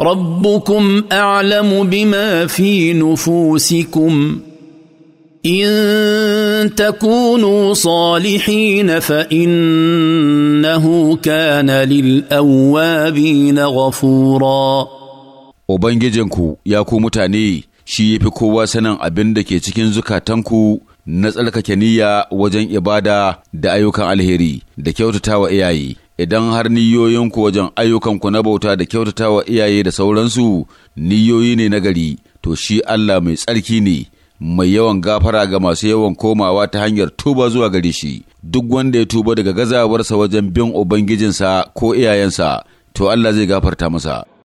ربكم اعلم بما في نفوسكم ان تكونوا صالحين فانه كان للاوابين غفورا ubangijinku ya ku mutane shi ya fi kowa sanin abin da ke cikin zukatanku na tsarkake niyya wajen ibada da ayyukan alheri da kyautata wa iyaye idan har niyoyinku wajen ayyukanku na bauta da kyautatawa iyaye da sauransu niyoyi ne na gari, to shi Allah mai tsarki ne, mai yawan gafara ga masu yawan komawa ta hanyar tuba zuwa gari shi, duk wanda ya tuba daga gazawarsa wajen bin Ubangijinsa ko iyayensa, to Allah zai gafarta masa.